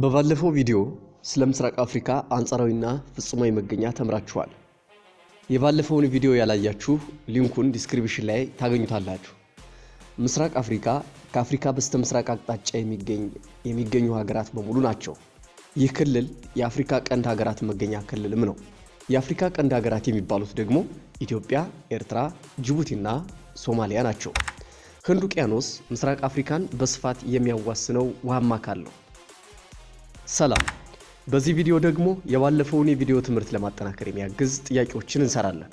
በባለፈው ቪዲዮ ስለ ምስራቅ አፍሪካ አንጻራዊና ፍጹማዊ መገኛ ተምራችኋል። የባለፈውን ቪዲዮ ያላያችሁ ሊንኩን ዲስክሪፕሽን ላይ ታገኙታላችሁ። ምስራቅ አፍሪካ ከአፍሪካ በስተ ምስራቅ አቅጣጫ የሚገኙ ሀገራት በሙሉ ናቸው። ይህ ክልል የአፍሪካ ቀንድ ሀገራት መገኛ ክልልም ነው። የአፍሪካ ቀንድ ሀገራት የሚባሉት ደግሞ ኢትዮጵያ፣ ኤርትራ፣ ጅቡቲና ሶማሊያ ናቸው። ህንድ ውቅያኖስ ምስራቅ አፍሪካን በስፋት የሚያዋስነው ውሃማ አካል ነው። ሰላም። በዚህ ቪዲዮ ደግሞ የባለፈውን የቪዲዮ ትምህርት ለማጠናከር የሚያግዝ ጥያቄዎችን እንሰራለን።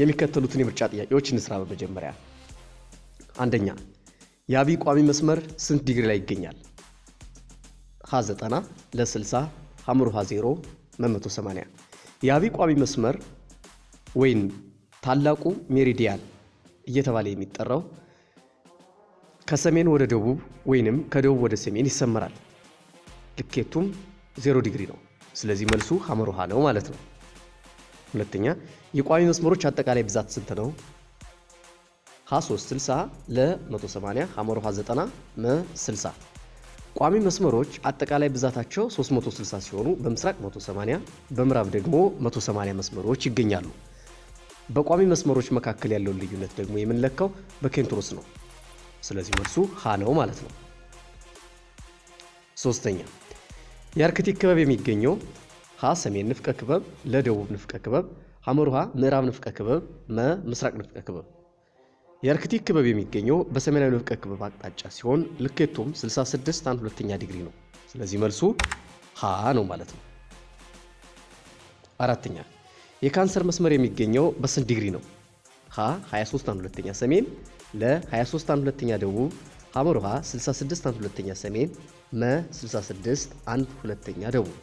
የሚከተሉትን የምርጫ ጥያቄዎች እንስራ። በመጀመሪያ አንደኛ የአቢ ቋሚ መስመር ስንት ዲግሪ ላይ ይገኛል? ሀ 90 ለ60 ሐምሩ ሀ 0 180 የአቢ ቋሚ መስመር ወይም ታላቁ ሜሪዲያን እየተባለ የሚጠራው ከሰሜን ወደ ደቡብ ወይንም ከደቡብ ወደ ሰሜን ይሰመራል። ልኬቱም ዜሮ ዲግሪ ነው። ስለዚህ መልሱ ውሃ ነው ማለት ነው። ሁለተኛ የቋሚ መስመሮች አጠቃላይ ብዛት ስንት ነው? ሀ 360 ለ 180 ውሃ 90 መ 60 ቋሚ መስመሮች አጠቃላይ ብዛታቸው 360 ሲሆኑ በምስራቅ 180 በምዕራብ ደግሞ 180 መስመሮች ይገኛሉ። በቋሚ መስመሮች መካከል ያለውን ልዩነት ደግሞ የምንለካው በኬንትሮስ ነው። ስለዚህ መልሱ ሀ ነው ማለት ነው። ሶስተኛ የአርክቲክ ክበብ የሚገኘው ሀ ሰሜን ንፍቀ ክበብ፣ ለደቡብ ንፍቀ ክበብ፣ ሐመር ውሃ ምዕራብ ንፍቀ ክበብ፣ መ ምስራቅ ንፍቀ ክበብ። የአርክቲክ ክበብ የሚገኘው በሰሜናዊ ንፍቀ ክበብ አቅጣጫ ሲሆን ልኬቱም 66 አንድ ሁለተኛ ዲግሪ ነው። ስለዚህ መልሱ ሀ ነው ማለት ነው። አራተኛ የካንሰር መስመር የሚገኘው በስንት ዲግሪ ነው? ሀ 23 1 ሁለተኛ ሰሜን ለ 23 1 ሁለተኛ ደቡብ ሐመር ሀ 66 1 ሁለተኛ ሰሜን መ 66 1 ሁለተኛ ደቡብ።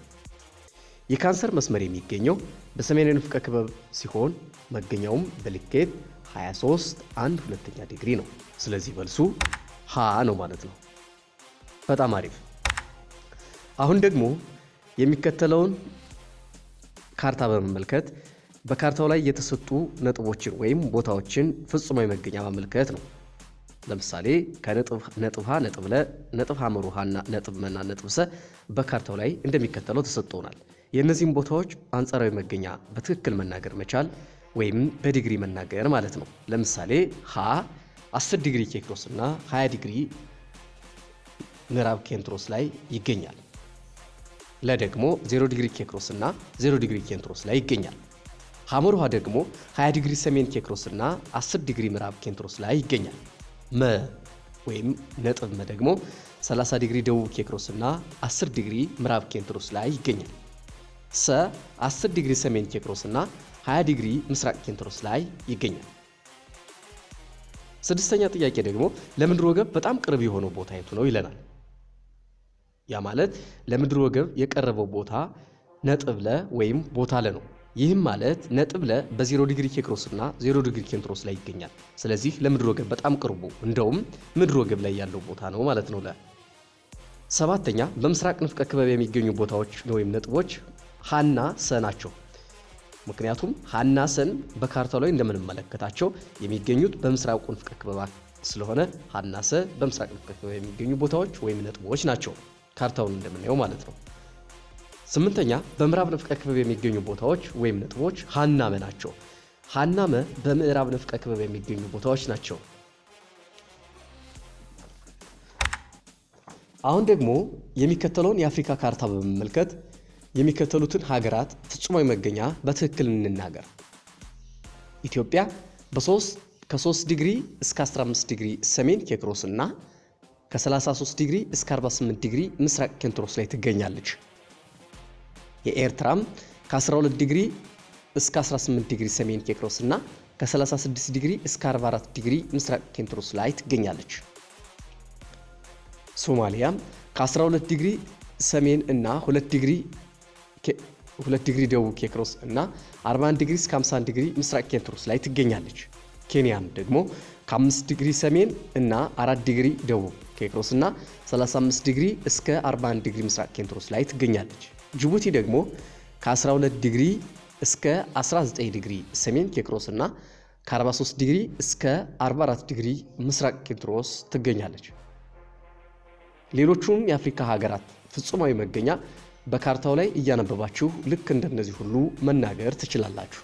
የካንሰር መስመር የሚገኘው በሰሜናዊ ንፍቀ ክበብ ሲሆን መገኛውም በልኬት 23 1 ሁለተኛ ዲግሪ ነው። ስለዚህ መልሱ ሀ ነው ማለት ነው። በጣም አሪፍ። አሁን ደግሞ የሚከተለውን ካርታ በመመልከት በካርታው ላይ የተሰጡ ነጥቦችን ወይም ቦታዎችን ፍጹማዊ መገኛ ማመልከት ነው። ለምሳሌ ከነጥብ ሀ ነጥብ ለ ነጥብ ሐመሩ ነጥብ መና ነጥብ ሰ በካርታው ላይ እንደሚከተለው ተሰጥቶናል። የእነዚህም ቦታዎች አንጻራዊ መገኛ በትክክል መናገር መቻል ወይም በዲግሪ መናገር ማለት ነው። ለምሳሌ ሀ 10 ዲግሪ ኬክሮስ እና 20 ዲግሪ ምዕራብ ኬንትሮስ ላይ ይገኛል። ለደግሞ 0 ዲግሪ ኬክሮስ እና 0 ዲግሪ ኬንትሮስ ላይ ይገኛል። ሐመር ውሃ ደግሞ 20 ዲግሪ ሰሜን ኬክሮስ እና 10 ዲግሪ ምዕራብ ኬንትሮስ ላይ ይገኛል። መ ወይም ነጥብ መ ደግሞ 30 ዲግሪ ደቡብ ኬክሮስ እና 10 ዲግሪ ምዕራብ ኬንትሮስ ላይ ይገኛል። ሰ 10 ዲግሪ ሰሜን ኬክሮስ እና 20 ዲግሪ ምስራቅ ኬንትሮስ ላይ ይገኛል። ስድስተኛ ጥያቄ ደግሞ ለምድር ወገብ በጣም ቅርብ የሆነው ቦታ የቱ ነው ይለናል። ያ ማለት ለምድር ወገብ የቀረበው ቦታ ነጥብ ለ ወይም ቦታ ለ ነው። ይህም ማለት ነጥብ ለ በ0 ዲግሪ ኬክሮስ እና 0 ዲግሪ ኬንትሮስ ላይ ይገኛል። ስለዚህ ለምድር ወገብ በጣም ቅርቡ እንደውም ምድር ወገብ ላይ ያለው ቦታ ነው ማለት ነው ለ። ሰባተኛ በምስራቅ ንፍቀ ክበብ የሚገኙ ቦታዎች ወይም ነጥቦች ሀና ሰ ናቸው። ምክንያቱም ሀና ሰን በካርታ ላይ እንደምንመለከታቸው የሚገኙት በምስራቁ ንፍቀ ክበብ ስለሆነ ሀና ሰ በምስራቅ ንፍቀ ክበብ የሚገኙ ቦታዎች ወይም ነጥቦች ናቸው፣ ካርታውን እንደምናየው ማለት ነው። ስምንተኛ በምዕራብ ንፍቀ ክበብ የሚገኙ ቦታዎች ወይም ነጥቦች ሀናመ ናቸው። ሀናመ በምዕራብ ንፍቀ ክበብ የሚገኙ ቦታዎች ናቸው። አሁን ደግሞ የሚከተለውን የአፍሪካ ካርታ በመመልከት የሚከተሉትን ሀገራት ፍጹማዊ መገኛ በትክክል እንናገር። ኢትዮጵያ ከ3 ዲግሪ እስከ 15 ዲግሪ ሰሜን ኬክሮስ እና ከ33 ዲግሪ እስከ 48 ዲግሪ ምስራቅ ኬንትሮስ ላይ ትገኛለች። የኤርትራም ከ12 ዲግሪ እስከ 18 ዲግሪ ሰሜን ኬክሮስ እና ከ36 ዲግሪ እስከ 44 ዲግሪ ምስራቅ ኬንትሮስ ላይ ትገኛለች። ሶማሊያም ከ12 ዲግሪ ሰሜን እና 2 ዲግሪ 2 ዲግሪ ደቡብ ኬክሮስ እና 41 ዲግሪ እስከ 51 ዲግሪ ምስራቅ ኬንትሮስ ላይ ትገኛለች። ኬንያም ደግሞ ከ5 ዲግሪ ሰሜን እና 4 ዲግሪ ደቡብ ኬክሮስ እና 35 ዲግሪ እስከ 41 ዲግሪ ምስራቅ ኬንትሮስ ላይ ትገኛለች። ጅቡቲ ደግሞ ከ12 ዲግሪ እስከ 19 ዲግሪ ሰሜን ኬክሮስ እና ከ43 ዲግሪ እስከ 44 ዲግሪ ምስራቅ ኬክሮስ ትገኛለች። ሌሎቹም የአፍሪካ ሀገራት ፍጹማዊ መገኛ በካርታው ላይ እያነበባችሁ ልክ እንደነዚህ ሁሉ መናገር ትችላላችሁ።